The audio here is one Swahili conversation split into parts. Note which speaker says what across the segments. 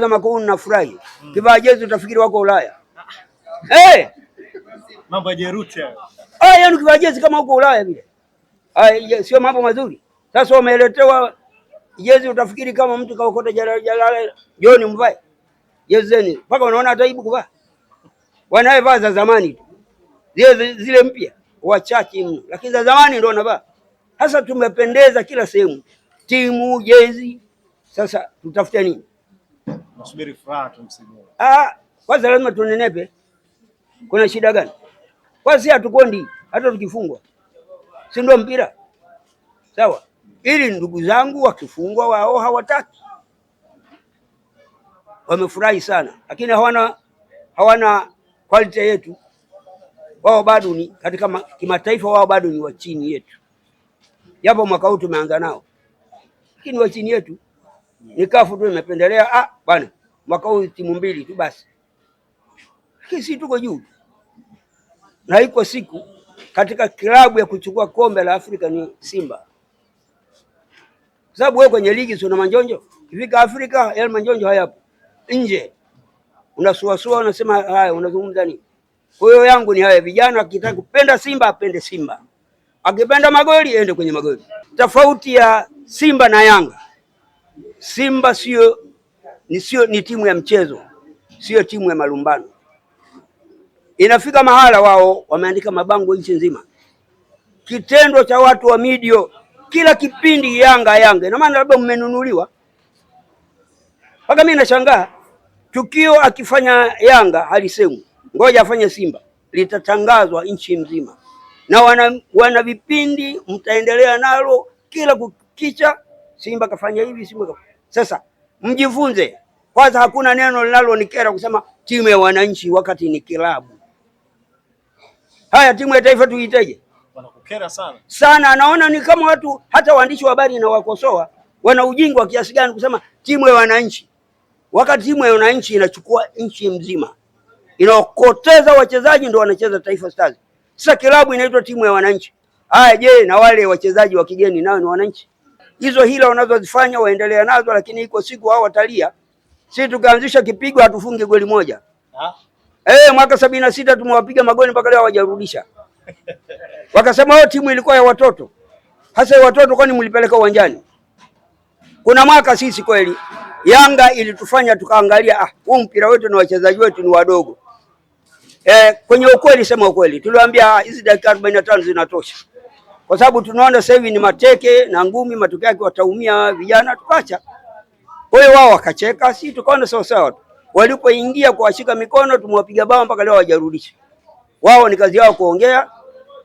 Speaker 1: kwanza Macron nafurahi. Hmm. Kivaa jezi utafikiri wako Ulaya. Ah. Eh!
Speaker 2: Mambo ya Jeruti
Speaker 1: Ah, yani kivaa jezi kama huko Ulaya vile. Ah, sio mambo mazuri. Sasa wameletewa jezi utafikiri kama mtu kaokota jalala jalala John mvae. Jezi zeni mpaka unaona aibu kuvaa. vaa za zamani tu. Zile zile mpya wachache mno, lakini za zamani ndio wanavaa. Sasa tumependeza kila sehemu. Timu, jezi. Sasa tutafute nini? Ah, kwanza lazima tunenepe. Kuna shida gani? Kwa si hatukondi hata tukifungwa, si ndio mpira? Sawa, ili ndugu zangu wakifungwa wao hawataki, wamefurahi sana, lakini hawana hawana quality yetu. Wao bado ni katika kimataifa, wao bado ni wa chini yetu, japo mwaka huu tumeanza nao, lakini wa chini yetu kafu tu nimependelea ah, bwana mwaka huu timu mbili tu basi, kisi tuko juu na iko siku katika klabu ya kuchukua kombe la Afrika ni Simba, kwa sababu wewe kwenye ligi si una manjonjo kifika Afrika yale manjonjo hayapo nje, unasuasua unasema haya, unazungumza nini? Kwa hiyo yangu ni haya, vijana akitaka kupenda Simba apende Simba, akipenda magoli ende kwenye magoli. Tofauti ya Simba na Yanga Simba sio ni, sio ni timu ya mchezo, sio timu ya malumbano. Inafika mahala wao wameandika mabango nchi nzima, kitendo cha watu wa midio kila kipindi Yanga Yanga, ina maana labda mmenunuliwa. Mpaka mimi nashangaa tukio akifanya Yanga halisemwi, ngoja afanye Simba, litatangazwa nchi mzima na wana, wana vipindi mtaendelea nalo kila kukicha, Simba kafanya hivi, Simba kafanya sasa mjifunze kwanza, hakuna neno linalonikera kusema timu ya wananchi wakati ni kilabu. Haya, timu ya taifa tuiteje?
Speaker 2: Wanakukera sana
Speaker 1: sana, anaona ni kama watu, hata waandishi wa habari na wakosoa wana ujinga wa kiasi gani kusema timu ya wananchi, wakati timu ya wananchi inachukua nchi mzima, inaokoteza wachezaji ndio wanacheza Taifa Stars. Sasa kilabu inaitwa timu ya wananchi. Haya, je, na wale wachezaji wa kigeni nao ni wananchi? hizo hila wanazozifanya waendelea nazo, lakini iko siku hao watalia. Sisi tukaanzisha kipigo hatufungi goli moja eh, mwaka sabini na sita tumewapiga magoli mpaka leo hawajarudisha. Wakasema wao oh, timu ilikuwa ya watoto. Hasa watoto kwani mlipeleka uwanjani? Kuna mwaka sisi kweli Yanga ilitufanya tukaangalia, ah, huu mpira wetu na wachezaji wetu ni wadogo. Eh, kwenye ukweli, sema ukweli, tuliwaambia hizi dakika 45 zinatosha kwa sababu tunaona sasa hivi ni mateke na ngumi, matokeo yake wataumia vijana, tukacha. Kwa hiyo wao wakacheka, si tukaona sawa sawa tu. Walipoingia kuwashika mikono, tumewapiga bao mpaka leo hawajarudisha. Wao ni kazi yao kuongea,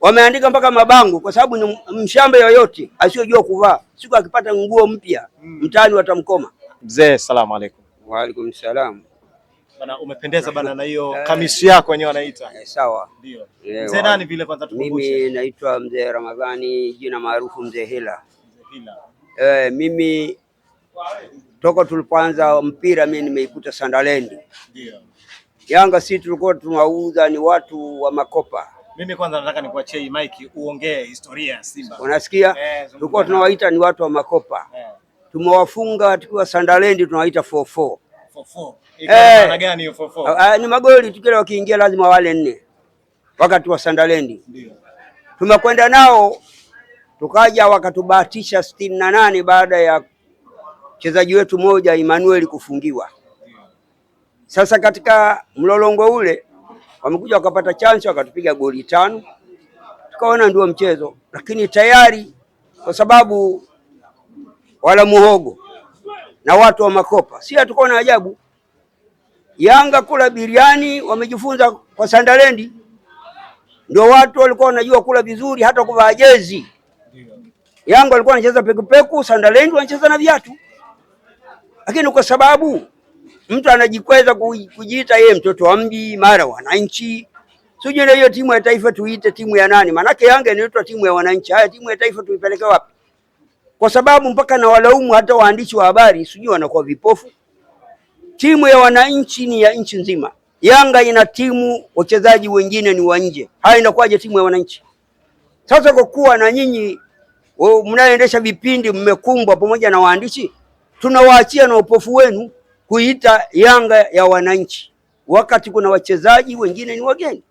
Speaker 1: wameandika mpaka mabango, kwa sababu ni mshamba yoyote asiyojua kuvaa, siku akipata nguo mpya mm. mtaani watamkoma.
Speaker 2: Mzee, salamu alaykum.
Speaker 1: Wa alaykum salamu.
Speaker 2: Bana, umependeza bana na hiyo eh, kamisi yako wenyewe wanaita. Eh, sawa. Ndio. Eh, mzee nani vile kwanza
Speaker 1: tukumbushe? Mimi naitwa Mzee Ramadhani, jina maarufu Mzee Hila. Mzee Hila. Eh, mimi toka tulipoanza mpira mimi nimeikuta Sandalendi. Ndio. Yanga si tulikuwa tunauza ni watu wa makopa.
Speaker 2: Mimi kwanza nataka nikuachie hii mike uongee historia ya Simba.
Speaker 1: Unasikia? Eh, tulikuwa tunawaita ni watu wa makopa. Eh. Tumewafunga tukiwa Sandalendi tunawaita 44 ni magoli tu, kila wakiingia lazima wale nne, wakati wa Sandalendi tumekwenda nao tukaja wakatubahatisha sitini na nane baada ya mchezaji wetu mmoja Emmanuel kufungiwa. Sasa katika mlolongo ule wamekuja wakapata chance wakatupiga goli tano, tukaona ndio mchezo, lakini tayari kwa sababu wala muhogo na watu wa Makopa, si hatukuwa na ajabu. Yanga kula biriani wamejifunza kwa Sandalendi, ndio watu walikuwa wanajua kula vizuri, hata kuvaa jezi. Yanga walikuwa wanacheza pekupeku, Sandalendi wanacheza na viatu, lakini kwa sababu mtu anajikweza kujiita yeye mtoto wa mji, mara wananchi sijui, na hiyo timu ya taifa tuite timu ya nani? Maanake Yanga inaitwa timu ya wananchi. Haya, timu ya taifa tuipeleke wapi? kwa sababu mpaka na walaumu hata waandishi wa habari sijui wanakuwa vipofu. Timu ya wananchi ni ya nchi nzima. Yanga ina timu, wachezaji wengine ni wa nje. Haya, inakuwaje timu ya wananchi? Sasa kwa kuwa na nyinyi mnayoendesha vipindi mmekumbwa pamoja na waandishi, tunawaachia na upofu wenu kuita Yanga ya wananchi wakati kuna wachezaji wengine ni wageni.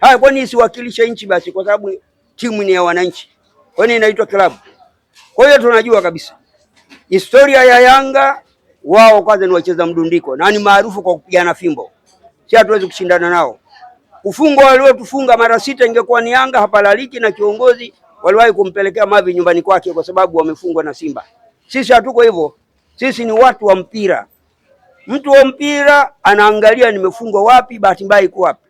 Speaker 1: Haya, kwani isiwakilishe nchi basi? Kwa sababu timu ni ya wananchi, kwani inaitwa klabu? Kwa hiyo tunajua kabisa historia ya Yanga, wao kwanza ni wacheza mdundiko na ni maarufu kwa kupigana fimbo, si hatuwezi kushindana nao. Ufungo waliotufunga mara sita ingekuwa ni Yanga, hapalaliki na kiongozi waliwahi kumpelekea mavi nyumbani kwake kwa sababu wamefungwa na Simba. Sisi hatuko hivyo, sisi ni watu wa mpira. Mtu wa mpira anaangalia nimefungwa wapi, bahati mbaya iko wapi.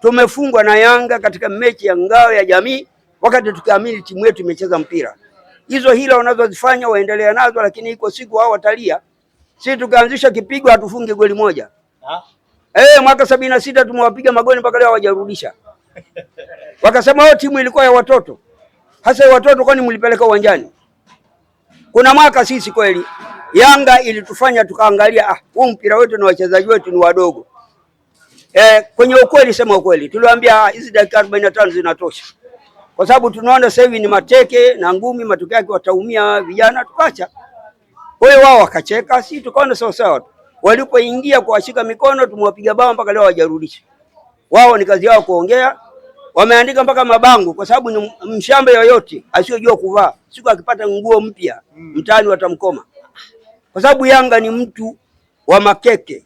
Speaker 1: Tumefungwa na Yanga katika mechi ya ngao ya jamii, wakati tukiamini timu yetu imecheza mpira hizo hila wanazozifanya waendelea nazo, lakini iko siku wao watalia. Sisi tukaanzisha kipigo hatufungi goli moja eh, mwaka sabini na sita tumewapiga magoli mpaka leo hawajarudisha. Wakasema wao timu ilikuwa ya watoto. Hasa ya watoto kwani mlipeleka uwanjani? Kuna mwaka sisi kweli Yanga ilitufanya tukaangalia, ah, huu mpira wetu na wachezaji wetu ni wadogo. Eh, kwenye ukweli, sema ukweli, tuliwaambia ah, hizi dakika 45 zinatosha kwa sababu tunaona sasa hivi ni mateke na ngumi, matokeo yake wataumia vijana, tukacha. Kwa hiyo wao wakacheka, sisi tukaona sawa sawa. Walipoingia kuwashika mikono, tumewapiga bao mpaka leo hawajarudisha. Wao ni kazi yao kuongea, wameandika mpaka mabango, kwa sababu ni mshamba yoyote asiyojua kuvaa, siku akipata nguo mpya hmm. mtaani watamkoma, kwa sababu Yanga ni mtu wa makeke,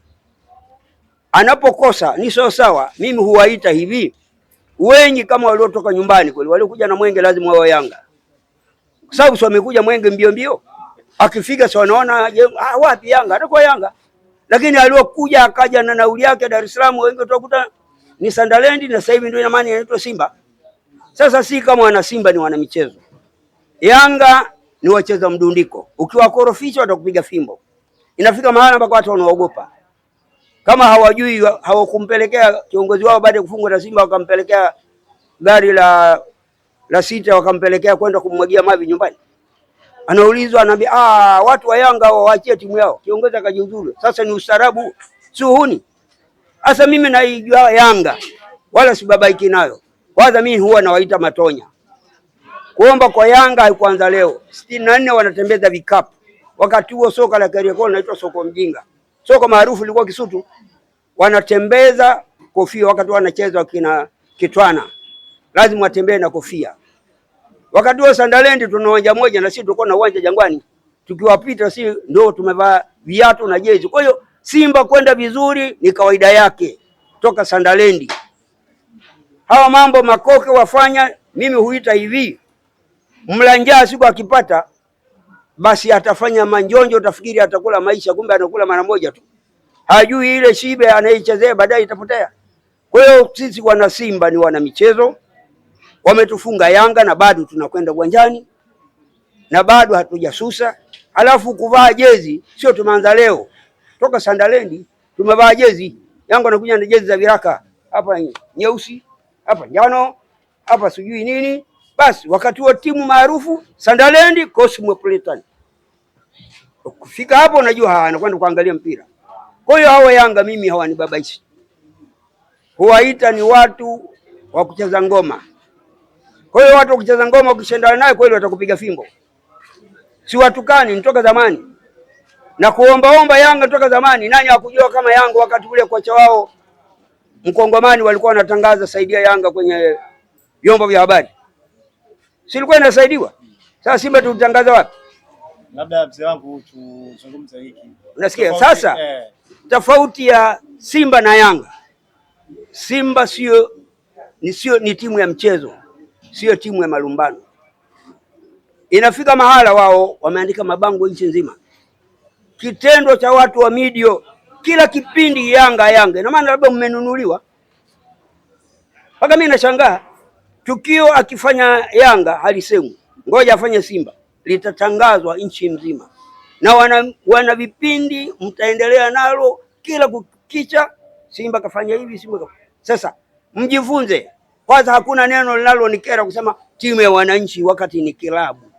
Speaker 1: anapokosa ni sawa sawa. Mimi huwaita hivi wengi kama waliotoka nyumbani kweli, waliokuja na mwenge lazima wao Yanga, kwa sababu sio amekuja mwenge mbio mbio, akifika sio anaona ah, wapi Yanga, atakuwa Yanga. Lakini aliokuja akaja na nauli yake Dar es Salaam, wengi tutakuta ni Sandalendi na sasa hivi ndio ina maana inaitwa Simba. Sasa si kama wana Simba ni wana michezo. Yanga ni wacheza mdundiko, ukiwakorofisha watakupiga fimbo, inafika mahali ambako watu wanaogopa. Kama hawajui hawakumpelekea kiongozi wao baada ya kufungwa na Simba, wakampelekea gari la la sita, wakampelekea kwenda kumwagia mavi nyumbani. Anaulizwa, anambi, ah, watu wa Yanga hao waachie timu yao, kiongozi akajiuzuru. Sasa ni ustaarabu, si uhuni? Sasa mimi naijua Yanga wala sibabaiki nayo. Kwanza mimi huwa nawaita matonya kuomba kwa Yanga haikuanza leo, sitini na nne wanatembeza vikapu. Wakati huo soka la Kariakoo linaitwa soko mjinga soko maarufu lilikuwa Kisutu, wanatembeza kofia wakati wanacheza kina Kitwana, lazima watembee na kofia. Wakati wa Sandalendi tuna uwanja moja na sisi tulikuwa na uwanja Jangwani, tukiwapita si ndio tumevaa viatu na jezi. Kwa hiyo Simba kwenda vizuri ni kawaida yake toka Sandalendi. Hawa mambo makoke wafanya, mimi huita hivi mlanjaa siku akipata basi atafanya manjonjo, utafikiri atakula maisha, kumbe anakula mara moja tu, hajui ile shibe anaichezea baadaye itapotea. Kwa hiyo sisi wana Simba ni wana michezo, wametufunga Yanga na bado tunakwenda uwanjani na bado hatujasusa. Alafu kuvaa jezi sio tumeanza leo, toka Sandalendi tumevaa jezi. Yanga anakuja na jezi za viraka, hapa nyeusi, hapa njano, hapa sijui nini. Basi wakati wa timu maarufu Sandalendi Cosmopolitan Kufika hapo unajua hawa anakwenda kuangalia mpira. Kwa hiyo hawa Yanga mimi hawanibabaishi, huwaita ni watu wa kucheza ngoma. Kwa hiyo watu wa kucheza ngoma ukishindana naye kweli watakupiga fimbo. Si watukani, ni toka zamani na kuombaomba Yanga toka zamani. Nani hakujua kama Yanga wakati ule kocha wao Mkongomani walikuwa wanatangaza saidia Yanga kwenye vyombo vya habari, Si silikuwa inasaidiwa? Sasa Simba tutangaza wapi?
Speaker 2: labda mzee wangu tuzungumze
Speaker 1: hiki. Unasikia sasa eh, tofauti ya Simba na Yanga. Simba sio ni sio ni timu ya mchezo, sio timu ya malumbano. Inafika mahala wao wameandika mabango nchi nzima, kitendo cha watu wa midio kila kipindi Yanga Yanga, ina maana labda mmenunuliwa. Mpaka mimi nashangaa tukio akifanya Yanga halisemwi, ngoja afanye Simba litatangazwa nchi nzima, na wana, wana vipindi mtaendelea nalo kila kukicha. Simba kafanya hivi, Simba kafanya. Sasa mjifunze kwanza, hakuna neno linalonikera kusema timu ya wananchi wakati ni kilabu.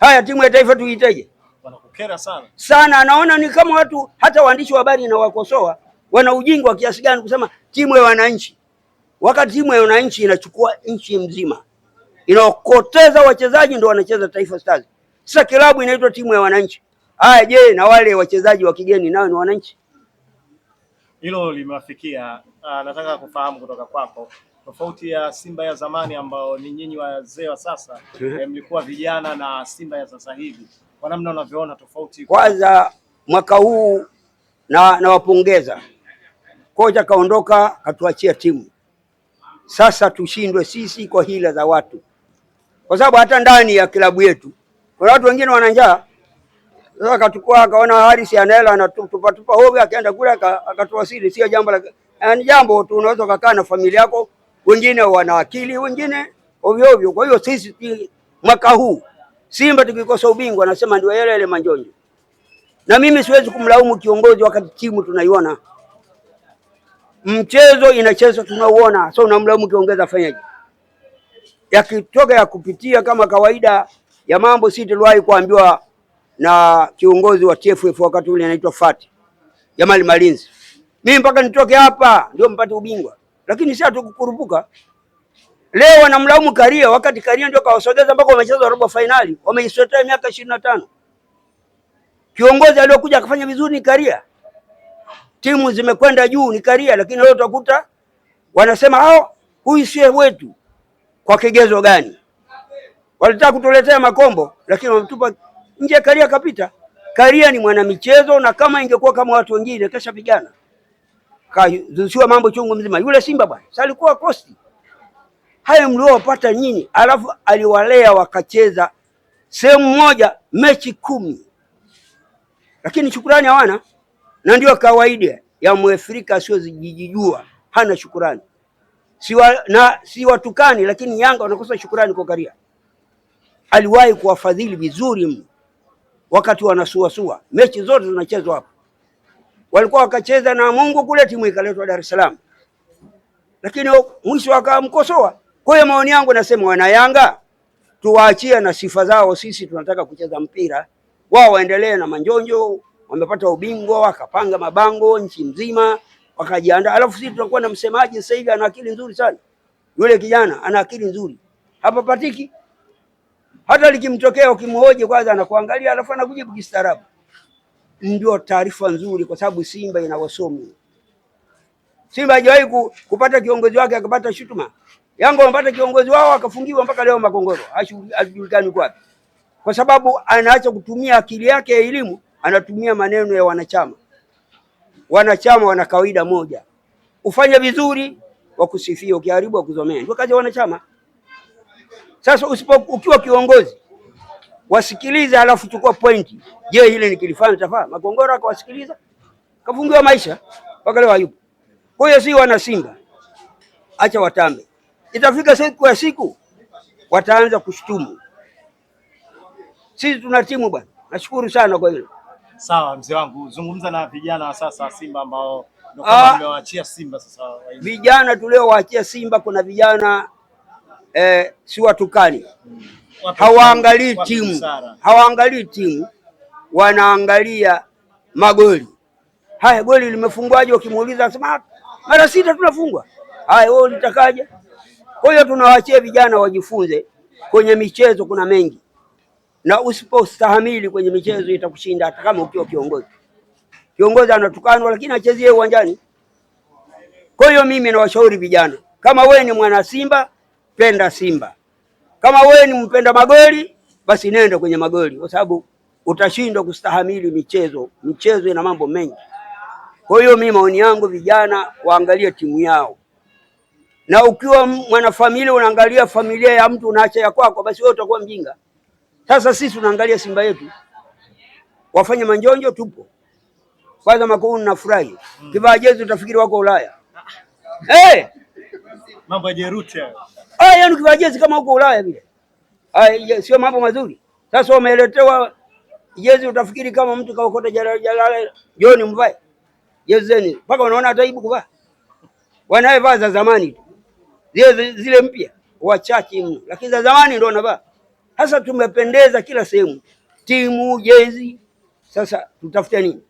Speaker 1: Haya, timu ya taifa tuiteje?
Speaker 2: Wanakukera sana
Speaker 1: sana, naona ni kama watu hata waandishi wa habari na wakosoa wana ujingwa wa kiasi gani kusema timu ya wananchi wakati timu ya wananchi inachukua nchi mzima inaokoteza wachezaji ndio wanacheza Taifa Stars. Sasa kilabu inaitwa timu ya wananchi. Haya, je, na wale wachezaji wa kigeni nao ni wananchi?
Speaker 2: Hilo limewafikia. Ah, nataka kufahamu kutoka kwako tofauti ya Simba ya zamani ambao ni nyinyi wazee wa sasa eh. Eh, mlikuwa vijana na Simba ya sasa hivi, kwa namna unavyoona tofauti.
Speaker 1: Kwanza mwaka huu na nawapongeza kocha, kaondoka katuachia timu sasa, tushindwe sisi kwa hila za watu kwa sababu hata ndani ya klabu yetu kuna watu wengine wana njaa. Sasa akachukua akaona Haris anaela na tupa tupa hoga, akaenda kule akatuwasili, Sio jambo la ni yaani jambo tu, unaweza kukaa na familia yako, wengine wana akili, wengine ovyo ovyo. Kwa hiyo sisi mwaka huu Simba tukikosa ubingwa, nasema ndio yale yale manjonjo, na mimi siwezi kumlaumu kiongozi wakati timu tunaiona mchezo inachezwa tunauona, so unamlaumu kiongeza fanyaje? yakitoka ya kupitia kama kawaida ya mambo, si tuliwahi kuambiwa na kiongozi wa TFF wakati ule anaitwa Fati Jamal Malinzi, mimi mpaka nitoke hapa ndio mpate ubingwa, lakini sasa tukukurupuka. Leo wanamlaumu Karia wakati Karia ndio kawasogeza mpaka wamecheza robo finali, wameisotea miaka ishirini na tano. Kiongozi aliyokuja akafanya vizuri ni Karia, timu zimekwenda juu ni Karia, lakini leo utakuta wanasema hao, huyu sie wetu. Kwa kigezo gani? Walitaka kutuletea Makombo, lakini wamtupa nje. Karia kapita. Karia ni mwanamichezo, na kama ingekuwa kama watu wengine kesha pigana kazushiwa mambo chungu mzima. Yule Simba bwana salikuwa kosti hayo mliowapata nyinyi, alafu aliwalea wakacheza sehemu moja mechi kumi, lakini shukurani hawana, na ndio kawaida ya Mwafrika asiyojijua, hana shukurani siwa, na si watukani, lakini Yanga wanakosa shukurani kwa Karia. Aliwahi kuwafadhili vizuri mno wakati wanasuasua, mechi zote zinachezwa hapo. Walikuwa wakacheza na Mungu kule, timu ikaletwa Dar es Salaam, lakini mwisho akamkosoa. Kwa hiyo maoni yangu nasema, wana Yanga tuwaachie na sifa zao, sisi tunataka kucheza mpira. Wao waendelee na manjonjo, wamepata ubingwa wakapanga mabango nchi mzima wakajiandaa. Alafu sisi tunakuwa na msemaji sasa hivi ana akili nzuri sana, yule kijana ana akili nzuri, hapapatiki. Hata likimtokea ukimhoji kwanza anakuangalia, alafu anakujibu kistaarabu. Ndio taarifa nzuri, kwa sababu Simba ina wasomi. Simba hajawahi kupata kiongozi wake akapata shutuma. Yanga wamepata kiongozi wao akafungiwa mpaka leo Makongoro, hajulikani kwapi, kwa sababu anaacha kutumia akili yake ya elimu, anatumia maneno ya wanachama wanachama wana kawaida moja, ufanye vizuri wakusifia, ukiharibu wakuzomea. Ndio kazi ya wanachama. Sasa usipo, ukiwa kiongozi wasikilize, alafu chukua pointi. Je, hili nikilifanya tafaa? Makongoro akawasikiliza kafungiwa maisha mpaka leo hayupo. Kwa hiyo si wana Simba, acha watambe, itafika siku ya siku wataanza kushtumu. Sisi tuna timu bwana, nashukuru sana kwa hilo.
Speaker 2: Sawa mzee wangu, zungumza na vijana wa sasa Simba ambao mmewaachia ah. Simba sasa.
Speaker 1: Vijana tuliowaachia Simba, kuna vijana eh, si watukani hmm. Hawaangalii timu, hawaangalii timu, wanaangalia magoli. Haya, goli limefungwaje? Ukimuuliza anasema ah, mara sita tunafungwa. Haya, wewe ulitakaje? Kwa hiyo tunawaachia vijana wajifunze, kwenye michezo kuna mengi na usipostahimili kwenye michezo itakushinda hata kama ukiwa kiongozi. Kiongozi anatukanwa lakini achezie uwanjani. Kwa hiyo mimi nawashauri vijana, kama wewe ni mwana Simba, penda Simba. Kama wewe ni mpenda magoli, basi nenda kwenye magoli, kwa sababu utashindwa kustahimili michezo. Michezo ina mambo mengi. Kwa hiyo mimi maoni yangu, vijana waangalie timu yao, na ukiwa mwanafamilia unaangalia familia ya mtu unaacha ya kwako, basi wewe utakuwa mjinga. Sasa sisi tunaangalia Simba yetu wafanye manjonjo, tupo kwanza makuu, nafurahi mm. Kivaa jezi utafikiri wako Ulaya hey! Eh!
Speaker 2: mambo ya Jeruti hayo
Speaker 1: ah, yani kivaa jezi kama huko Ulaya vile ah, sio mambo mazuri. Sasa wameletewa jezi utafikiri kama mtu kaokota jalala jalala, joni mvae jezi zeni mpaka unaona ataibu kuvaa, wanaevaa za zamani zile zile mpya wachache mno, lakini za zamani ndio wanavaa. Sasa tumependeza kila sehemu, timu, jezi. Sasa tutafute nini?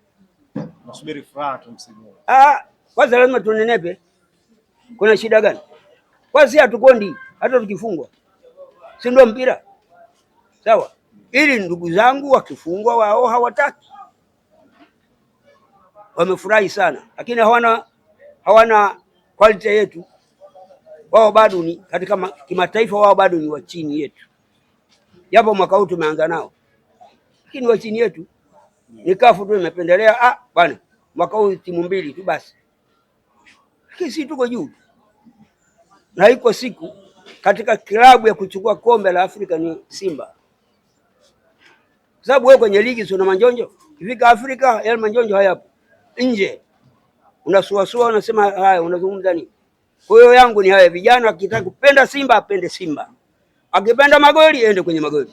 Speaker 2: Nasubiri furaha tu msimu.
Speaker 1: Ah, kwanza lazima tunenepe. Kuna shida gani? Kwa si hatukondi hata tukifungwa, si ndio mpira? Sawa, ili ndugu zangu wakifungwa wao hawataki, wamefurahi sana, lakini hawana hawana quality yetu. Wao bado ni katika kimataifa, wao bado ni wa chini yetu japo mwaka huu tumeanza nao, lakini wa chini yetu ni kafu tu imependelea ah, bwana mwaka huu timu mbili tu basi, lakini si tuko juu, na iko siku katika klabu ya kuchukua kombe la Afrika ni Simba, sababu wewe kwenye ligi una manjonjo, kifika Afrika yale manjonjo hayapo, nje unasuasua, unasema haya, unazungumza nini? Kwa hiyo yangu ni haya, vijana wakitaka kupenda Simba apende Simba Angependa magoli ende kwenye magoli.